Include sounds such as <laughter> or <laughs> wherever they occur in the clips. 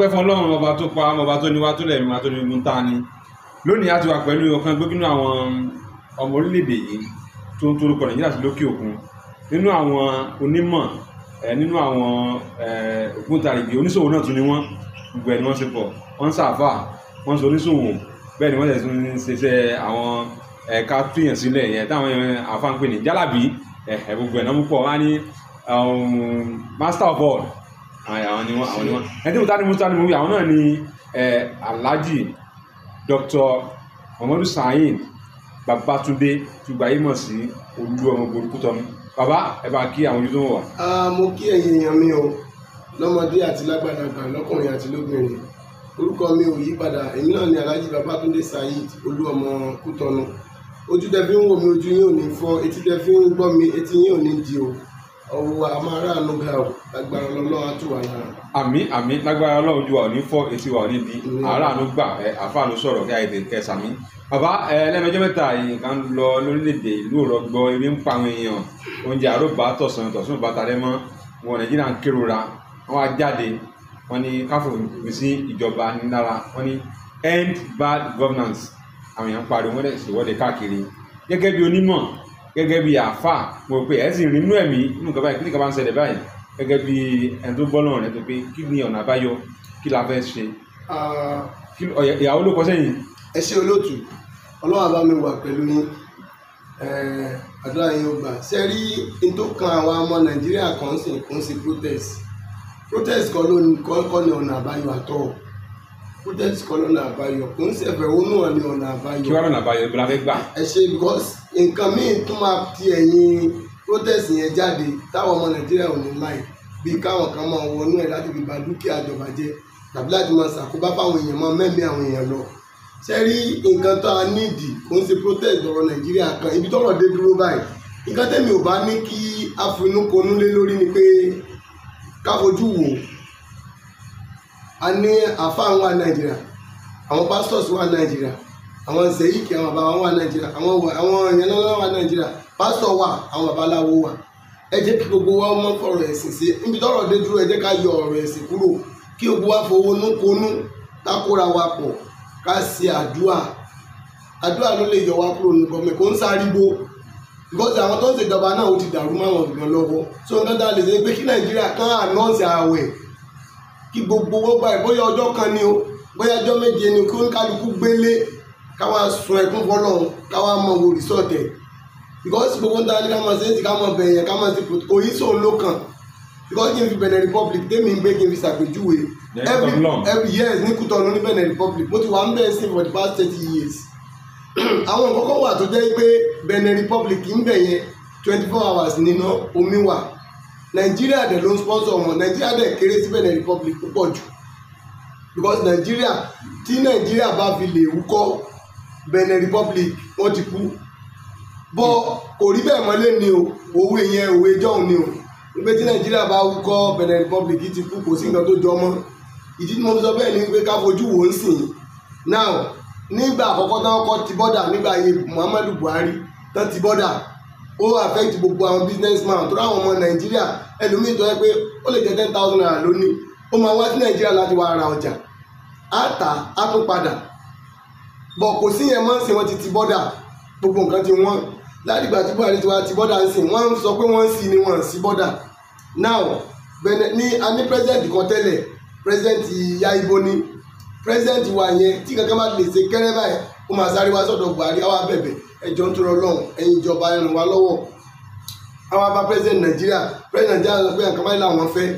pẹ́ fọlọ́run ọba tó pa ọba tó ní wa tó lẹ́mìí wa tó ní igun tá a ní lónìí a ti wà pẹ̀lú ọ̀kan gbógínú àwọn ọmọ orílẹ̀-èdè yìí tó ń torúkọ nàìjíríà sí lókè òkun nínú àwọn onímọ̀ nínú àwọn ògbóǹtarìgì oníṣòwò náà tún ni wọ́n gbogbo ẹ̀ ni wọ́n ṣe pọ̀ wọ́n ń ṣàfà wọ́n ń ṣe oníṣòwò bẹ́ẹ̀ ni wọ́n tẹ̀sí ń ṣiṣẹ́ àwọn ẹ̀ka fìyàn sílẹ̀ yẹn táwọn àfáǹpẹ̀ ní jálàbí ẹ̀ náà mú pọ̀ wá ní um, master of all àwọn ni wọn àwọn ni wọn ẹni tí mo ta ni mo ta ni mo wí àwọn náà ni alhaji dr muhammadu saheed babatunde tùgbàyémọ̀ sí olú ọmọ Gorikutọ́mi bàbá ẹ bá kí àwọn ojú tó ń wà. mo kí ẹ̀yin èèyàn mi o lọ́mọdé àti lágbàdàgbà lọ́kùnrin àti lóbìnrin orúkọ mi ò yí padà èmi náà ni alhaji babatunde saheed olú ọmọ Kútọ́nu ojú dẹ fi ń wò mí ojú yín ò ní fọ́ etí dẹ fi ń gbọ́ mi etí yín ò ní di o ọwọ́ amáráàánú ga o lágbára ọlọ́run á tù wá lára. àmín àmín lágbára ọlọ́run ju wa ò ní fọ́ etí wa ò ní di aráàánú gbà ẹ àfáàánú sọ̀rọ̀ kí àìtè kẹsàn mi. bàbá ẹ lẹ́mẹjọ́ mẹ́ta nǹkan lọ lórílẹ̀‐èdè ìlú òrọ̀gbọ́ ebi ń pa àwọn èèyàn oúnjẹ àróbá tọ̀sán tọ̀sán bàtà rẹ mọ́ wọn nàìjíríà ń kérora wọn á jáde wọn ni káfọ̀ mi sí ìjọba nílára wọn ni end bad governance àwọn èèyàn pariwo wọn dẹ̀ ṣèwọ́de káàkiri gẹ́gẹ́ bí onímọ̀ gẹ́gẹ́ bí àáfà mo rò pé ẹ̀ sì rí inú ẹ̀mí inú nǹkan báyìí kí nǹkan bá ń ṣẹlẹ̀ báyìí gẹ́gẹ́ bí ẹni tó gbọ́ náà rẹ̀ tó pé kí ni ọ̀nà àbáyọ kí la fẹ́ ṣe. ìyàwó ló kọ sẹ́yìn. ẹ ṣe olóòtú ọlọ́wà bá mi wà pẹ̀lú yín àdúrà yín ó gbà ṣe rí n tó kan àwọn ọmọ nàìjíríà kan sì kún sí protest protest kọ́ ló ní ọ̀nà àbáyọ àtọ̀ project kọ́ lọ́nà àbáyọ kò ń ṣẹ̀fẹ̀ wónú wọn ní ọ̀nà àbáyọ. kí wàá lọ́nà àbáyọ ibi la fẹ́ gbà. ẹ ṣe because nǹkan míì tún máa ti ẹ̀yìn protest yẹn jáde táwọn ọmọ nàìjíríà ò ní láì bí káwọn kan máa wọnú ẹ̀ láti fi bà dúkìá ìjọba jẹ́ tàbí láti máa ṣàkóbá fáwọn èèyàn máa mẹ́mí àwọn èèyàn lọ ṣe rí tó a níìdì kò ń ṣe protest ọ̀rọ̀ nàìjíríà kan ibi tọ́rọ̀ dé dúró báyìí nǹkan tẹ́mi ò bá ní kí afinúkonú lé lórí ni pé káfojú wò a ní àfáà wa nàìjíríà àwọn pastors wa nàìjíríà àwọn sèyíkì àwọn bàbá wa nàìjíríà àwọn àwọn ìyànlọ́lọ́ wa nàìjíríà pastor wa àwọn babaláwo wa ẹ jẹ́ kí gbogbo wa mọ́ fọ̀rọ̀ ẹ̀sìn sí níbi tọ́rọ̀ dé dúró ẹ jẹ́ ká yọ ọ̀rọ̀ ẹ̀sìn kúrò kí gbogbo wa fowó núkonú kákóra wa pọ̀ ká ṣe àdúà àdúà ló lè yọ wa kúrò ń àwọn tó so nǹkan tá a lè ṣe pé kí nàìjíríà kán kí gbogbo wọn gba ìbóyá ọjọ́ kan ni o bóyá ọjọ́ méje ni kí oníkálukú gbélé káwa sun ẹkún fọlọ́run káwa mọ wo resort ẹ̀ because gbogbo ń darí ká máa ṣe é ti ká máa bẹ̀yẹ̀ ká máa ṣe protocol òyìn sòun ló kàn because kí n fi Benin Republic tèmi ń gbé kí n fi ṣàpèjúwe every every year ní Kútọ̀nù ní Benin Republic mo ti wà ń bẹ̀ sí for the past thirty years <clears throat> àwọn nǹkan kan wà tó jẹ́ pé Benin Republic ń bẹ̀ yẹn twenty four hours nínú omi wà Nigeria, dẹ̀ ló ń sponsor wọn nàìjíríà dẹ̀ kéré sí Benin Republic púpọ̀ jù because Nigeria tí nàìjíríà bá fi lè wúkọ́ Benin Republic wọ́n ti kú bọ́ kò rí bẹ́ẹ̀ mọ́lé ni o òwe yẹn òwe jọ̀hún ni o pé tí nàìjíríà bá wúkọ́ Benin Republic ti kú kò sí nǹkan tó jọ mọ́ ìdí tí mo sọ bẹ́ẹ̀ ni pé ká fojú wò ń sìn now nígbà àkọ́kọ́ táwọn kọ́ ti bọ́dà nígbà ayé Muhammadu Buhari tán ti bọ́dà ó affect gbogbo àwọn businessman tó ráwọn ọmọ nàìjíríà ẹlòmíì tó yẹ pé ó lè jẹ ten thousand naira lónìí ó máa wá sí nàìjíríà láti wá ra ọjà á tà á tún padà bọ̀ kò sí yẹn mọ́ sí wọn ti ti bọ́dà gbogbo nǹkan ti wọ́n ládìgbà tí buhari ti wá ti bọ́dà ń sìn ń sọ pé wọ́n ń ni wọ́n sí bọ́dà now bẹ̀rẹ̀ ní a ní president kan tẹ́lẹ̀ president Yaibo ni president wa yẹn tí kankan bá lè ṣe kẹ́rẹ́ báyìí ó máa sáré wá sọ́dọ̀ Buhari àwa bẹ̀bẹ̀ ẹjọ́ ń tọrọ lọ́hùn ẹ̀yin ìjọba ẹ ràn wá lọ́wọ́ àwa bá president Nàìjíríà president Nàìjíríà sọ pé àǹkà báyìí làwọn fẹ́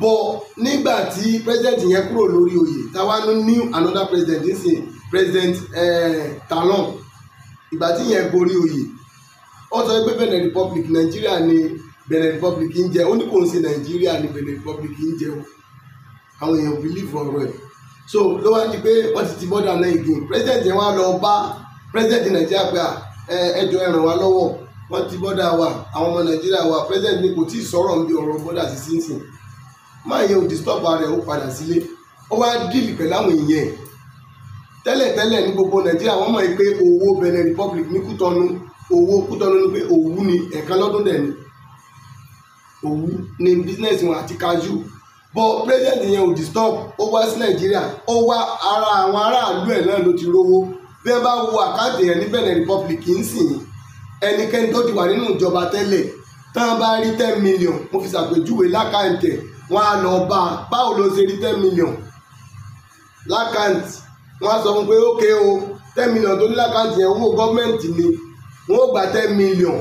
bọ̀ nígbà tí president yẹn kúrò lórí oyè táwa new another president nísìnyí president eh, Talon ìgbà tí yẹn gorí oyè ó sọ pé Benin Republic Nàìjíríà ni Benin Republic ń jẹ ó ní kò ń ṣe Nàìjíríà ni Benin Republic ń jẹ o àwọn èèyàn bìlíìfù ọ̀rọ̀ ẹ̀ so ló wá di pé wọ́n ti ti bọ́dà náà again president yẹn wá lọ bá president nàìjíríà pé ẹjọ́ ẹ ràn wá lọ́wọ́ wọ́n ti bọ́dà wa àwọn ọmọ nàìjíríà wa president ni kò tí ì sọ̀rọ̀ níbi ọ̀rọ̀ bọ́dà sí sínsìn máa yẹ òdìstọ́pù rẹ̀ ó padà sílé ó wá díìlì pẹ̀lú àwọn èèyàn tẹ́lẹ̀tẹ́lẹ̀ ní gbogbo nàìjíríà wọ́n mọ̀ pé owó benin republic ní kútọ́nu owó kútọ́nu ni pé òwú ni ẹ̀ẹ̀kan lọ́dún dẹ̀ ni òwú ni business wọn àti kájú but president yẹn ò disturb ó wá sí nàìjíríà ó wá ara àwọn aráàlú ẹ̀ náà ló ti rówó bí ẹ bá wo àkáǹtì yẹn ní benin republic ń sìn ẹnikẹ́ni tó ti wà nínú ìjọba tẹ́lẹ̀ tán bá rí ten million mo fi ṣàpèjúwe lákàǹtì wọn á lọ bá a báwo ló ṣe rí ten million lákàǹtì wọn á sọ fún pé ókè o ten million tó ní lákàǹtì yẹn owó gọ́ọ̀mẹ̀ntì ni wọn ó gba ten million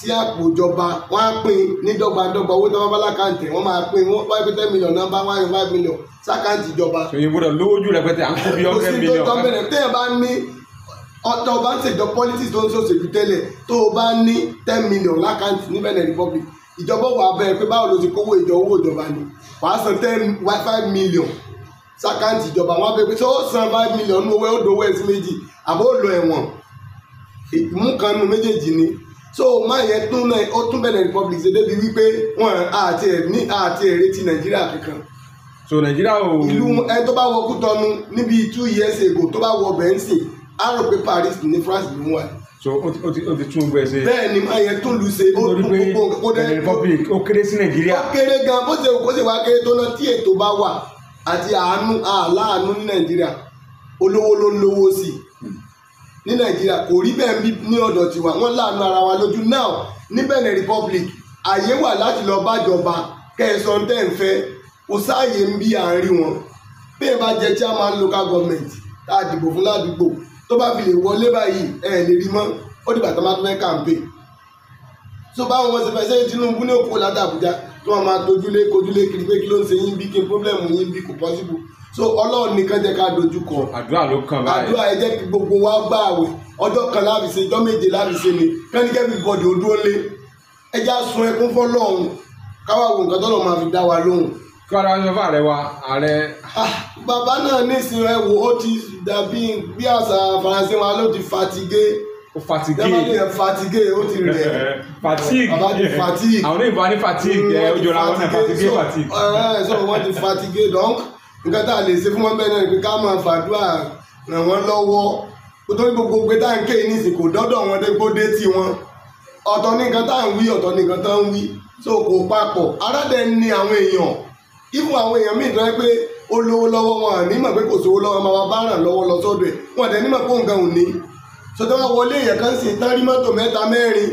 sí àpò ìjọba wọ́n á pín ní dọ́gbadọ́gba owó tó bá bá lákàntì wọ́n máa pín wọ́n bá pín ten million náà bá wọ́n á yọ five million sákàntì ìjọba. ṣòye gbọ́dọ̀ lójú rẹpẹtẹ à ń kó bí ọkẹ mílíọ̀n. kò sí tó tọ́ bẹ̀rẹ̀ téèyàn bá ní ọtọ bá ń ṣèjọ politics tó ń ṣòṣèlú tẹ́lẹ̀ tó o bá ní ten million lákàntì ní Benin Republic ìjọba wà bẹ́ẹ̀ pé báwo ló ti kówó ìjọ owó ìjọba ni wàá san ten five million sákàntì ìjọba wọn bẹ pé ṣé ó san five million owó ó dowó ẹsìn méjì àbó lọ ẹ̀wọ̀n ìmúkanu méjèèjì ni so máa yẹn tún náà ó tún Benin Republic ṣe débi wípé wọn àti ẹ ní àti èrè ti Nàìjíríà kankan. so Nàìjíríà ò. ìlú ẹ tó bá wọ Kútọnu níbi two years ago tó bá wọ bẹ́ńsì á rò Paris ní France ló wà. so o ti o ti o ti tún gbẹ ṣe. bẹ́ẹ̀ni máa yẹn tún lu ṣe ó tún gbogbo kó Republic ó kéré sí Nàìjíríà. ó kéré gan bó ṣe kó ṣe wá kéré tó náà tí ètò bá wà àti àánú àláàánú ní Nàìjíríà olówó ló lówó sí ní nàìjíríà kò rí bẹ́ẹ̀ bí ní ọ̀dọ̀ tiwa wọ́n láàánú ara wa lójú now ní benin republic àyè wà láti lọ bájọba kẹsàn tẹ́ ń fẹ́ kò sáàyè ń bí àárín wọn bí ẹ bá jẹ chairman local government tá a dìbò fún ládùúgbò tó bá fi lè wọlé báyìí ẹ lè rí mọ́ ó dìgbà tó máa tún fẹ́ campaign tó báwọn wọn ṣe fẹ́ ṣe tinubu ní òkú láti àbújá tí wọ́n máa tójúlé kojúlé kiri pé kí ló ń ṣe yín bí kí problem yín bí kò possible so ọlọ́run nìkan jẹ́ ká dojú kọ. àdúrà ló kàn báyìí àdúrà ẹ jẹ́ kí gbogbo wa gbà àwẹ̀ ọjọ́ kan láàbì ṣe ọjọ́ méje láàbì ṣe ni kẹ́nikẹ́ni bọ̀dì odó lé ẹ já sun ẹkún fọlọ́run káwá wo nǹkan tọ́lọ́ máa fi dá wa lóhùn. kí wàá dáhùn fún ààrẹ wa ààrẹ. bàbá náà nísìnyí ẹ wò ó ti dàbí bí àṣà faransé wa ló ti fatigé fatigue dẹ́gbẹ́ fatigue o ti rẹ̀ <laughs> fatigue baba ti fatigue àwọn fatigue ẹ eh, ojúra wọn fatigue fatigue. ẹ ẹ sọ fatigue donc nǹkan tá a lè ṣe fún wọn bẹ́ẹ̀ náà ni pé ká máa fàdúrà ràn wọ́n lọ́wọ́ kó tó ní gbogbo pé tá à ń ké ní ìsìn kò dọ́dọ̀ wọn dé kó dé tì wọn ọ̀tọ̀ ní nǹkan tá à ń wí ọ̀tọ̀ ní nǹkan tá à ń wí so kò papọ̀ aládẹ ni àwọn èèyàn ìfún àwọn èèyàn míì tó yẹ pé ó lówó lọ́wọ́ wọn àní mọ̀ pé kò sówó lọ́wọ́ máa bá ràn lọ́wọ́ lọ sọ́dọ̀ ẹ̀ wọn àdẹ ní mọ̀ pé òǹkan ò ní wọn wọlé èèyàn kan sì tán mọ́tò mẹ́ta mẹ́rin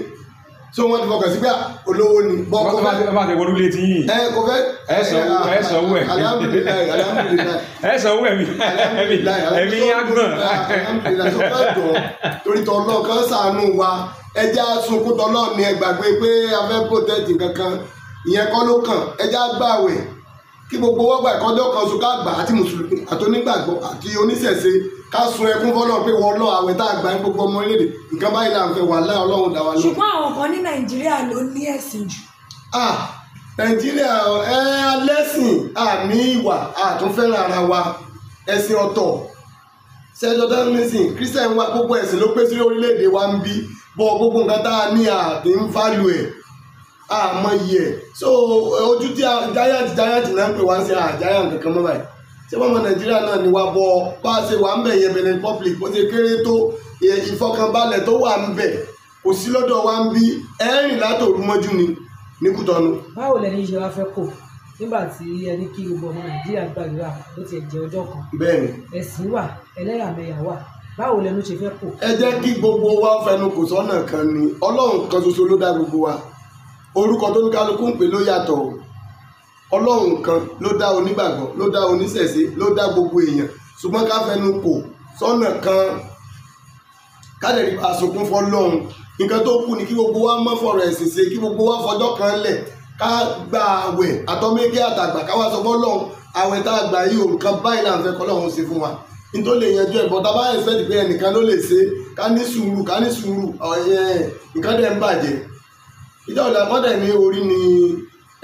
so wọ́n ti fọkàn sí pé ah, olówó ni bọ́kọ́ fẹ́. wọ́n ti wọlé tí yìí. ẹ eh, kò fẹ́. ẹ sanwó ẹ sanwó ẹ. alhamdulilayi alhamdulilayi. ẹ sanwó ẹmí ẹmí ẹmí yá gbọ̀n. alhamdulilayi sọ fẹ́ kan ṣàánú wa ẹja sunkún tọ́lọ́ ni ẹ gbàgbé pé a protect nǹkan ìyẹn kọ́ ló kàn ẹja gbàwẹ̀ kí gbogbo wọ́gbà ìkọjọ́ kan sùn ká gbà àti mùsùlùmí àti onígbàgbọ́ àti oníṣẹ̀ṣe ká sun ẹkún fọlọ́ pé wọ́n lọ àwẹ̀ tá a gbà ní gbogbo ọmọ orílẹ̀-èdè nǹkan báyìí là ń fẹ́ wà láì ọlọ́run dà wá lọ. ṣùgbọ́n àwọn kan ní nàìjíríà ló ní ẹ̀sìn jù. ah nàìjíríà ẹ alẹ́sìn àmì ìwà àtúnfẹ́ràn ara wa ẹ̀sìn ọ̀tọ̀ sẹ́jọ́ dánísìn kírísítẹ̀ ń wá gbogbo ẹ̀sìn ló pé sí orílẹ̀-èdè wa ń bí bọ́ gbogbo nǹkan tá a ní àtẹ̀ńfàlù ẹ̀ Ah, àmọ́ yẹ so ojú tí a giant giant náà ń pè wá sí a ah, giant kankan mọ́ báyìí ṣé wọ́n mọ nàìjíríà náà ni wàá bọ̀ bá a ṣe wà ń bẹ̀ yẹn benin public bó ṣe kéré tó ìfọkànbalẹ̀ tó wà ń bẹ̀ kò sí lọ́dọ̀ wa ń bí ẹ̀rìn látòrú mọ́jú ni ní kútọ́nu. báwo lẹni ṣe wá fẹ́ kó nígbà tí ẹni kí gbogbo ọmọ nàìjíríà gbàdúrà bó ti jẹ ọjọ́ kan. bẹ́ẹ̀ni. ẹ̀sìn wà ẹlẹ́yàmẹ̀yà wà báwo lẹnu ṣe fẹ́ kó. ẹ jẹ́ kí gbogbo wa fẹnu kò sọ́nà kan ni ọlọ́run kan ṣoṣo ló dá gbogbo wa orúkọ tó ní kálukú ń pè ló yàtọ̀ o ọlọ́run kan ló dá onígbàgbọ́ ló dá oníṣẹ̀ṣe ló dá gbogbo èèyàn ṣùgbọ́n ká fẹnu kò sọ́nà kan kálẹ̀ àsokún fọlọ́run nǹkan tó kù ni kí gbogbo wa mọ́ fọ̀rọ̀ ẹ̀sìn ṣe kí gbogbo wa fọjọ́ kan lẹ̀ ká gba àwẹ̀ àtọ́mẹ́kẹ́ àtàgbà káwá sọ fọlọ́run àwẹ̀ tá a gbà yìí òun kan báyìí là ń fẹ́ kọ́lọ́run ṣe fún wa nítorí lè yanjú ẹ̀ bọ́tà bá ẹ̀fẹ́ dìgbẹ́ ẹnìkan ló lè ṣe ká ní sùúrù ká ní sùúrù nǹkan dẹ̀ ń bàjẹ́ ìjà ọ̀la mọ́dẹ̀ ní orí ni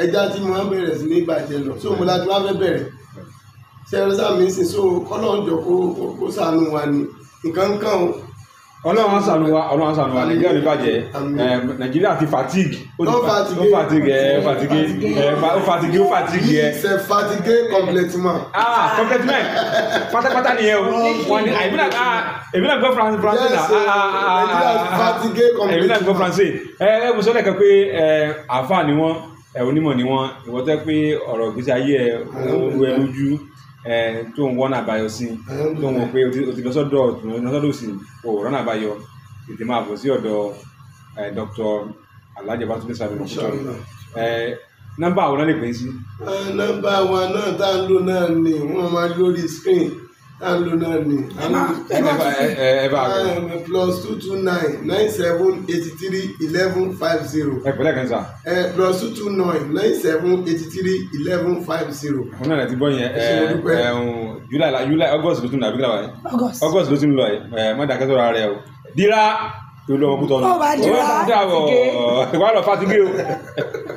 ẹja tí mo máa ń bẹ̀rẹ̀ sí ní bàjẹ́ lọ so mo láti wá fẹ́ bẹ̀rẹ̀ ṣe ẹrọ sáà mi sì so kọ́lọ́ọ̀jọ kó sànù wa ni nǹkan kan o ọlọ́run asanu wa ọlọ́run asanu wa nàìjíríà ní bàjẹ́ nàìjíríà ti fatigue ó fatigue ó fatigue ẹ fatigue ẹ ó fatigue ó fatigue ẹ. ṣe fatigue complètement. ah complètement pátápátá nìyẹn o wọn ni èmi náà ah èmi náà gbọ́ france france náà ah ah ah, ah nàìjíríà ah, ah. fatigue complètement. èmi náà gbọ́ france ẹ ẹ mo sọ lẹ́kàn pé ẹ àáfàá ni wọ́n ẹ onímọ̀ ni wọ́n ìwọ́tẹ́ pé ọ̀rọ̀ ìgbésí ayé ẹ ó wẹ lójú tó ń wọ́nà àbáyọ sí tó ń wọ pé o ti lọ sọ́dọ̀ lọ́sọ́dọ̀ sí o rọ́nà àbáyọ tètè máa bọ̀ sí ọ̀dọ̀ Dr. Alhaji Babatunde Samuel Okuchori nọ́mbà àwọn náà lè pè é sí. nọ́mbà wa náà tá a ń lò náà ni wọ́n máa lórí screen alona plus two two nine nine seven eighty three eleven five zero. ẹ plus two two nine nine seven eighty three eleven five zero. àwọn náà ti bọ́ yẹn july la july august ló tún nàbí kíláwá august ló tún lọ yẹn ẹ mọ̀dà kẹ́sọ̀rọ̀ ara rẹ o dira tó lọ́wọ́ kú tọ́nu. ó bá dira ó bá dira ó wà lọ fatigé o.